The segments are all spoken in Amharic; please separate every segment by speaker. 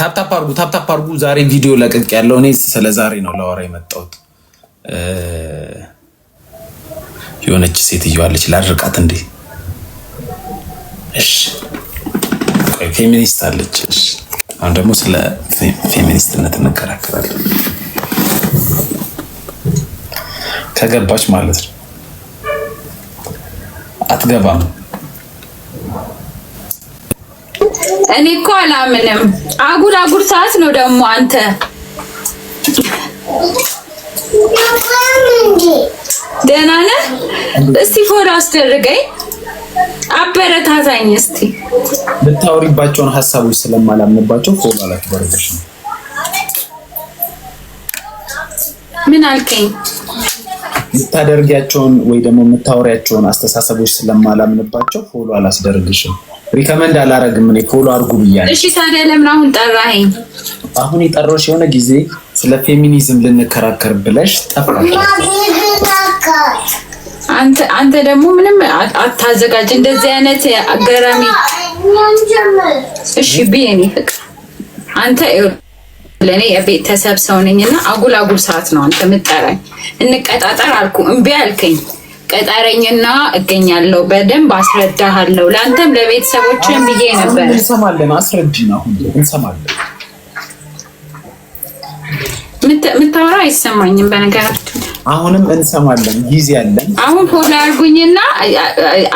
Speaker 1: ታፕታፕ አርጉ፣ ታፕታፕ አርጉ። ዛሬ ቪዲዮ ለቅቅ ያለው እኔ ስለ ዛሬ ነው ለወራ የመጣሁት። የሆነች ሴትዮ አለች ላድርቃት እንዴ። እሺ ፌሚኒስት አለች። እሺ አሁን ደግሞ ስለ ፌሚኒስትነት እንከራከራለን። ከገባች ማለት ነው አትገባም
Speaker 2: እኔ እኮ አላምንም። አጉል አጉል ሰዓት ነው ደግሞ አንተ ደህና ነህ? እስቲ ፎሎ አስደርገኝ፣ አበረታታኝ። እስቲ
Speaker 1: ብታወሪባቸውን ሀሳቦች ስለማላምንባቸው ፎሎ አላት ነው። ምን አልከኝ? የምታደርጊያቸውን ወይ ደግሞ የምታወሪያቸውን አስተሳሰቦች ስለማላምንባቸው ፎሎ አላስደርግሽም። ሪከመንድ አላረግም። እኔ ፎሎ አድርጉ ብያለሁ።
Speaker 2: እሺ ታዲያ ለምን አሁን ጠራኸኝ?
Speaker 1: አሁን የጠራሁሽ የሆነ ጊዜ ስለ ፌሚኒዝም ልንከራከር ብለሽ ጠፋ።
Speaker 2: አንተ አንተ ደግሞ ምንም አታዘጋጅ። እንደዚህ አይነት አገራሚ እሺ ቢኒ አንተ ለእኔ የቤተሰብ ሰው ነኝና አጉል አጉል ሰዓት ነው አንተ የምጠራኝ። እንቀጣጠር አልኩ እምቢ አልከኝ። ቅጠረኝና እገኛለሁ፣ በደንብ አስረዳሃለሁ። ለአንተም ለቤተሰቦችን ብዬ ነበር።
Speaker 1: እንሰማለን፣ አስረጂን። አሁን እንሰማለን።
Speaker 2: ምታወራ አይሰማኝም። በነገራችን
Speaker 1: አሁንም እንሰማለን፣ ጊዜ አለን።
Speaker 2: አሁን ፎሎ አድርጉኝና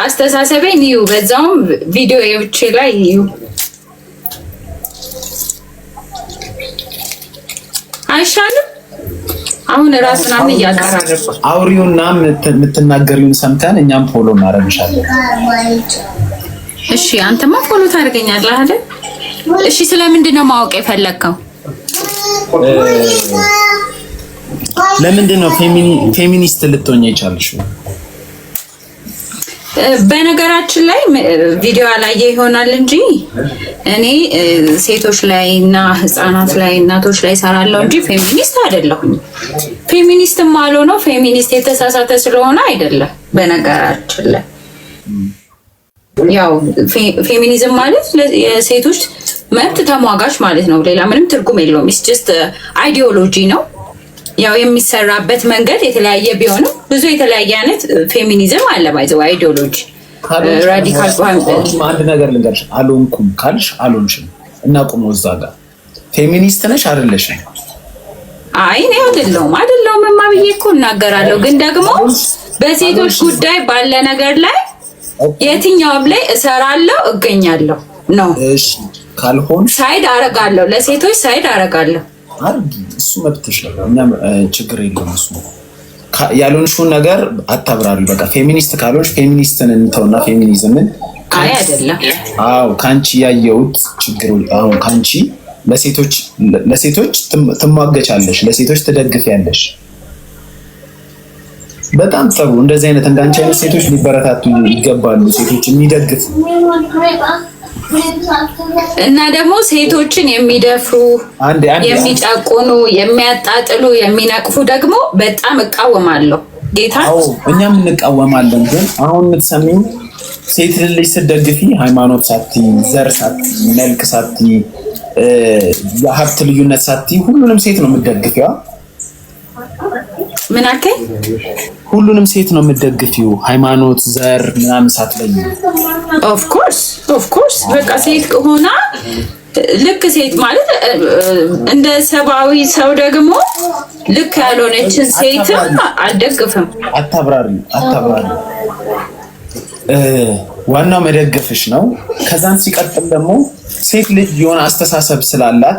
Speaker 2: አስተሳሰበኝ ይዩ፣ በዛውም ቪዲዮ የውጭ ላይ ይዩ። አይሻልም? አሁን ራስ ምናምን እያቀራረብ
Speaker 1: አውሪውና የምትናገሪውን ሰምተን እኛም ፎሎ እናደርግሻለን።
Speaker 2: እሺ አንተማ ፎሎ ታደርገኛለህ አለ። እሺ ስለምንድን ነው ማወቅ የፈለግከው?
Speaker 1: ለምንድን ነው ፌሚኒስት ልትሆኝ የቻልሽው?
Speaker 2: በነገራችን ላይ ቪዲዮ አላየ ይሆናል እንጂ እኔ ሴቶች ላይ እና ህጻናት ላይ እናቶች ላይ ሰራለሁ እንጂ ፌሚኒስት አይደለሁም። ፌሚኒስትም አልሆነው ፌሚኒስት የተሳሳተ ስለሆነ አይደለም። በነገራችን ላይ ያው ፌሚኒዝም ማለት የሴቶች መብት ተሟጋች ማለት ነው። ሌላ ምንም ትርጉም የለውም። ኢትስ ጀስት አይዲዮሎጂ ነው። ያው የሚሰራበት መንገድ የተለያየ ቢሆንም ብዙ የተለያየ አይነት ፌሚኒዝም አለ። ባይዘው አይዲዮሎጂ ራዲካል አንድ ነገር ልንገርሽ፣ አልሆንኩም ካልሽ አልሆንሽም እና ቁም እዛ ጋር ፌሚኒስት ነሽ አይደለሽም? አይ እኔ አይደለሁም አይደለሁም ማ ብዬ እኮ እናገራለሁ። ግን ደግሞ በሴቶች ጉዳይ ባለ ነገር ላይ የትኛውም ላይ እሰራለሁ እገኛለሁ ነው። ካልሆን ሳይድ አረጋለሁ፣ ለሴቶች ሳይድ አረጋለሁ አድርጊ፣ እሱ መብትሽ ነው። እኛም ችግር የለም። እሱ ያልሆንሽውን ነገር አታብራሪ። በቃ ፌሚኒስት ካልሆንሽ ፌሚኒስትን እንተውና ፌሚኒዝምን አይደለም። አዎ ከአንቺ ያየሁት ችግሩ አሁን ከአንቺ ለሴቶች ለሴቶች ትሟገቻለሽ፣ ለሴቶች ትደግፊያለሽ። በጣም ጥሩ። እንደዚህ አይነት እንዳንቺ አይነት ሴቶች ሊበረታቱ ይገባሉ። ሴቶች የሚደግፍ እና ደግሞ ሴቶችን የሚደፍሩ የሚጨቁኑ፣ የሚያጣጥሉ፣ የሚነቅፉ ደግሞ በጣም እቃወማለሁ። ጌታ እኛም እንቃወማለን። ግን አሁን የምትሰሚኝ ሴት ልጅ ስትደግፊ ሃይማኖት ሳቲ፣ ዘር ሳቲ፣ መልክ ሳቲ፣ የሀብት ልዩነት ሳቲ ሁሉንም ሴት ነው የምትደግፊዋ። ምን አልከኝ? ሁሉንም ሴት ነው የምደግፊው፣ ሃይማኖት፣ ዘር ምናምን ሳትለኝ። ኦፍኮርስ ኮርስ። በቃ ሴት ሆና ልክ ሴት ማለት እንደ ሰብአዊ ሰው ደግሞ ልክ ያልሆነችን ሴትም አልደግፍም። አታብራሪ አታብራሪ፣ ዋናው መደገፍሽ ነው። ከዛን ሲቀጥል ደግሞ ሴት ልጅ የሆነ አስተሳሰብ ስላላት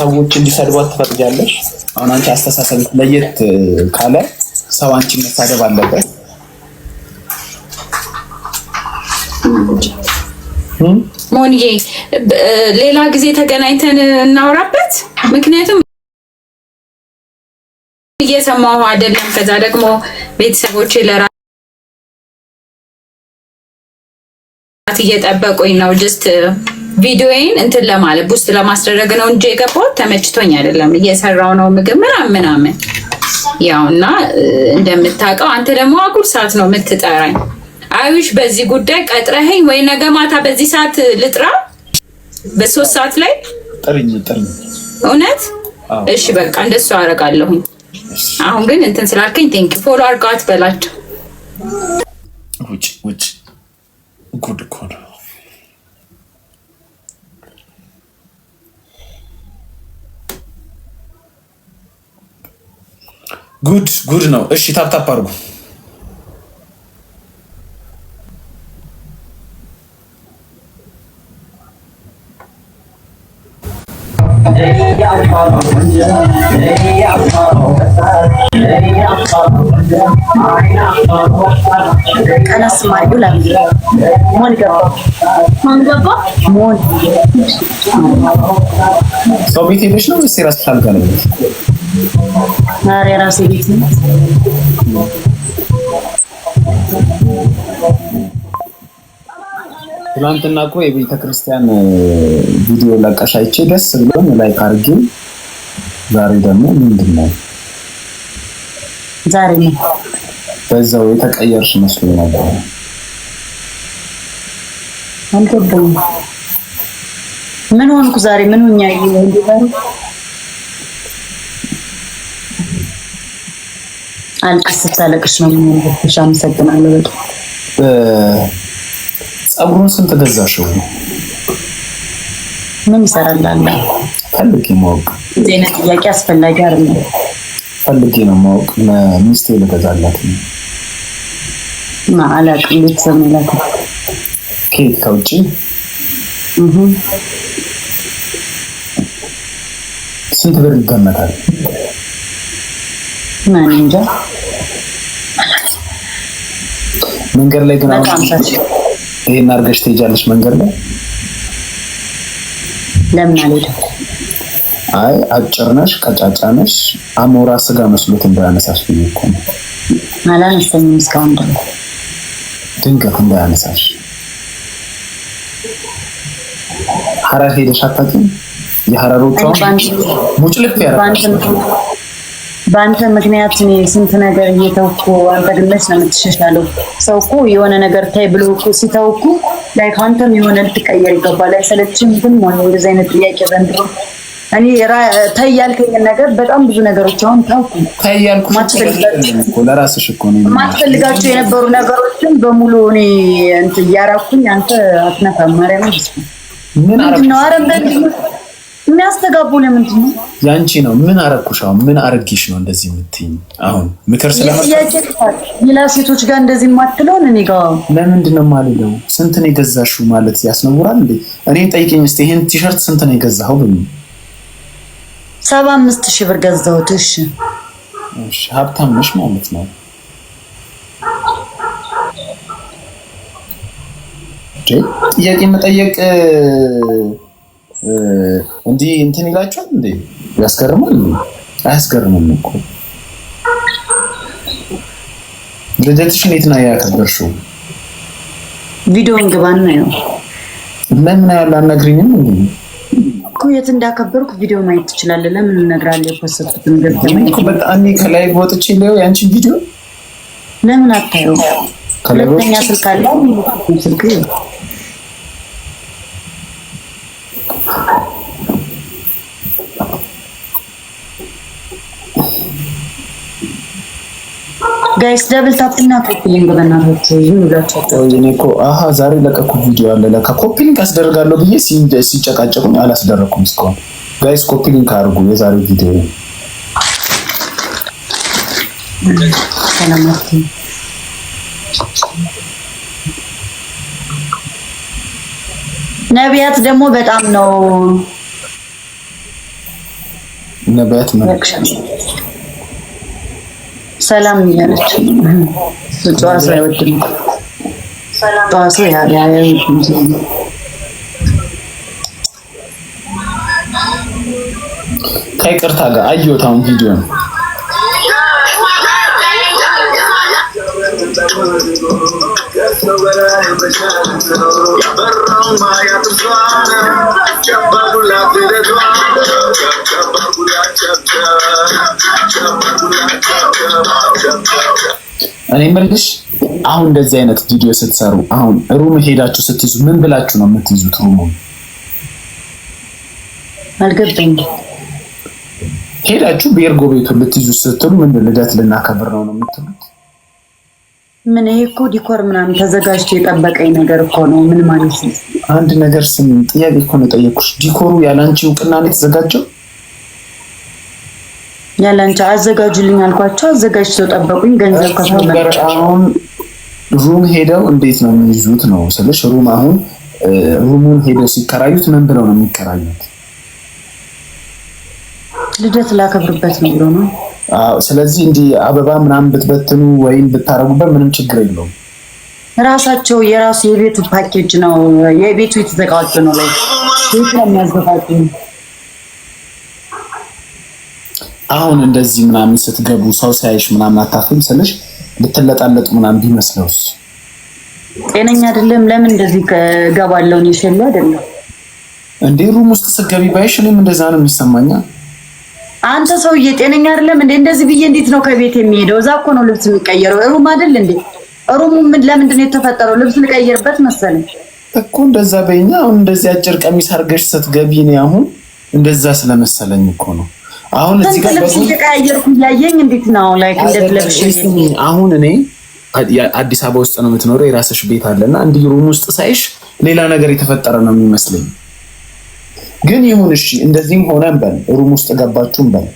Speaker 2: ሰዎች እንዲሰድቧት ትፈቅጃለሽ? አሁን አንቺ አስተሳሰብ ለየት ካለ ሰው አንቺን መሳደብ አለበት? ሞንዬ ሌላ ጊዜ ተገናኝተን እናውራበት። ምክንያቱም እየሰማሁ አይደለም። ከዛ ደግሞ ቤተሰቦቼ ለራት እየጠበቁኝ ነው። ጀስት ቪዲዮዬን እንትን ለማለት ቡስት ለማስደረግ ነው እንጂ የገባሁት ተመችቶኝ አይደለም። እየሰራው ነው ምግብ ምናምን ምናምን ያው እና እንደምታውቀው አንተ ደግሞ አጉል ሰዓት ነው የምትጠራኝ። አዩሽ በዚህ ጉዳይ ቀጥረኸኝ ወይ ነገ ማታ በዚህ ሰዓት ልጥራ በሶስት ሰዓት ላይ ጥሪኝ ጥሪኝ። እውነት እሺ፣ በቃ እንደሱ አደርጋለሁኝ። አሁን ግን እንትን ስላልከኝ ቴንክ ፎሎ አርጋት በላቸው። ውጭ ውጭ ጉድ እኮ ነው ጉድ ጉድ ነው። እሺ ታፕታፕ አድርጉ። ቀነስ ማርጉ ለምን ሰው ቤት ሄደሽ ነው ወይስ የራስሽ አልጋ ነው? ኧረ የራሴ ቤት ነው። ትናንትና እኮ የቤተ ክርስቲያን ቪዲዮ ለቀሽ አይቼ ደስ ብሎኝ ላይክ አድርጌ፣ ዛሬ ደግሞ ምንድን ነው ዛሬ ነው በዛው የተቀየርሽ መስሎኝ ነበር። አንተም ምን ሆንኩ ዛሬ ምን ሆኛ ይሄ አልቅስ ስታለቅሽ ነው የሚሆንብሽ። አመሰግናለሁ። በጣም ጸጉሩን ስንት ገዛሽው? ምን ይሰራላለ? ፈልጌ ማወቅ ዜና ጥያቄ አስፈላጊ አይደለም። ፈልጌ ነው ማወቅ። ሚስቴ ልገዛላት አላውቅም። ቤተሰብ ሚላት ኬክ ከውጭ ስንት ብር ይገመታል? እንጃ መንገድ ላይ ግን አሁን ይሄን አድርገሽ ትሄጃለሽ መንገድ ላይ ለምን አልሄድም አይ አጭር ነሽ ቀጫጫ ነሽ አሞራ ስጋ መስሎት እንዳያነሳሽ ብዬሽ እኮ ነው አላነሳኝም እስካሁን ደግሞ ድንገት እንዳያነሳሽ ሀረር ሄደሽ አታውቂም ያረጋል በአንተ ምክንያት እኔ ስንት ነገር እየተውኩ አንተ ግለች ነው የምትሸሻለው። ሰው እኮ የሆነ ነገር ታይ ብሎ እኮ ሲተው እኮ ላይ አንተም የሆነ ልትቀየር ይገባል። አይሰለችም? ግን ሆነ እንደዚህ አይነት ጥያቄ ዘንድሮ እኔ ታይ ያልከኝ ነገር በጣም ብዙ ነገሮች አሁን ታውኩ ታይ ያልኩ ለራስሽ እኮ ነው ማትፈልጋቸው የነበሩ ነገሮችን በሙሉ እኔ እንትን እያራኩኝ አንተ አትነፋ ማርያም ነው አረንበ የሚያስተጋቡ ለምንድን ነው? ያንቺ ነው። ምን አረኩሽ? አሁን ምን አረግሽ ነው እንደዚህ የምትይኝ? አሁን ምክር ሌላ ሴቶች ጋር እንደዚህ የማትለውን እኔ ጋ ለምንድን ነው የማልለው? ስንት ነው የገዛሽው ማለት ያስነውራል እንዴ? እኔን ጠይቀኝ እስኪ ይሄን ቲሸርት ስንት ነው የገዛኸው ብሉ። ሰባ አምስት ሺህ ብር ገዛሁት። እሺ እሺ፣ ሀብታም ነሽ ማለት ነው። ጥያቄ መጠየቅ እንዲህ እንትን ይላችኋል እንዴ? ያስገርማል። አያስገርምም እኮ ልደትሽን የት ነው ያከበርሽው? ቪዲዮን ግባና ነው ለምን ያለ አናግሪኝም እኮ የት እንዳከበርኩ ቪዲዮ ማየት ትችላለህ። ለምን እነግርሃለሁ። የፖስተቱን ገብተህ በጣም ከላይ ወጥቼ ነው ያንቺ ቪዲዮ ለምን አታየው? ሁለተኛ ስልክ አለ ስልክ ጋይስ ደብል ታፕ እና ኮፒ ሊንክ በእናታችሁ ዝም ብላችሁ እኔ እኮ አሀ ዛሬ ለቀኩት ቪዲዮ አለ ለካ ኮፒ ሊንክ አስደርጋለሁ ብዬ ሲጨቃጨቁኝ አላስደረኩም እስካሁን ጋይስ ኮፒ ሊንክ አድርጉ የዛሬ ቪዲዮ ነቢያት ደግሞ በጣም ነው ነቢያት ነው ሰላም እያለች ጨዋ አይወድም። ጨዋ ሰው አይወድም። ከይቅርታ ጋር አየሁት አሁን ቪዲዮ ነው እኔ የምልሽ አሁን እንደዚህ አይነት ቪዲዮ ስትሰሩ አሁን ሩም ሄዳችሁ ስትይዙ ምን ብላችሁ ነው የምትይዙት? ሩሙ አልገባኝ። ሄዳችሁ ቤርጎ ቤቱን ልትይዙ ስትሉ ምን ልደት ልናከብር ነው ነው የምትሉት? ምን ይሄ እኮ ዲኮር ምናምን ተዘጋጅቶ የጠበቀኝ ነገር እኮ ነው። ምን ማለት ነው? አንድ ነገር ስም ጥያቄ እኮ ነው የጠየኩሽ። ዲኮሩ ያላንቺ እውቅና ነው የተዘጋጀው? ያላንቺ አዘጋጁልኝ አልኳቸው፣ አዘጋጅተው ጠበቁኝ። ገንዘብ ከተመረጫ ሩም ሄደው እንዴት ነው የሚይዙት ነው ስልሽ፣ ሩም አሁን ሩሙን ሄደው ሲከራዩት ምን ብለው ነው የሚከራዩት? ልደት ላከብርበት ነው ብሎ ነው ስለዚህ እንዲህ አበባ ምናምን ብትበትኑ ወይም ብታረጉበት ምንም ችግር የለውም። ራሳቸው የራሱ የቤቱ ፓኬጅ ነው፣ የቤቱ የተዘጋጀ ነው። ላይ ቤቱ የሚያዘጋጅ አሁን እንደዚህ ምናምን ስትገቡ ሰው ሲያይሽ ምናምን አታፍም ስልሽ ብትለጣለጡ ምናምን ቢመስለውስ? ጤነኛ አይደለም። ለምን እንደዚህ ገባለውን? የሸሉ አይደለም እንዴ ሩም ውስጥ ስትገቢ ባይሽ እኔም እንደዛ ነው የሚሰማኛል። አንተ ሰውዬ ጤነኛ አይደለም እንዴ? እንደዚህ ብዬ እንዴት ነው ከቤት የሚሄደው? እዛ እኮ ነው ልብስ የሚቀየረው። ሩም አይደል እንዴ? ሩሙ ምን ለምንድን ነው የተፈጠረው? ልብስ ልቀይርበት መሰለኝ እኮ እንደዛ በይኛ። አሁን እንደዚህ አጭር ቀሚስ አርገሽ ስትገቢ እኔ አሁን እንደዛ ስለመሰለኝ እኮ ነው። አሁን እዚህ ጋር ልብስ እየቀያየርኩ እያየኝ እንዴት ነው ላይክ እንዴት ለብሽ አሁን እኔ አዲስ አበባ ውስጥ ነው የምትኖረው፣ የራስሽ ቤት አለና አንድ ሩም ውስጥ ሳይሽ ሌላ ነገር የተፈጠረ ነው የሚመስለኝ ግን ይሁን እሺ፣ እንደዚህም ሆነን በል ሩም ውስጥ ገባችሁም በል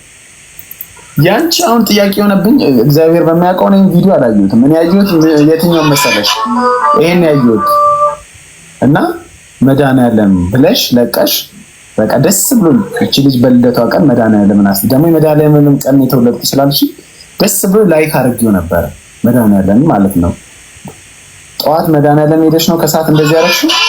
Speaker 2: ያንቺ አሁን ጥያቄ የሆነብኝ እግዚአብሔር በሚያውቀው ነኝ። ቪዲዮ አላየሁትም። ምን ያየሁት የትኛው መሰለሽ? ይሄን ያየሁት እና መድኃኒዓለም ብለሽ ለቀሽ በቃ ደስ ብሎኝ እቺ ልጅ በልደቷ ቀን መድኃኒዓለምን አስ ደግሞ የመድኃኒዓለምንም ቀን የተወለድኩ ስላልሽ ደስ ብሎ ላይክ አድርጌው ነበረ መድኃኒዓለምን ማለት ነው። ጠዋት መድኃኒዓለም ሄደሽ ነው ከሰዓት እንደዚህ ያደረግሽው?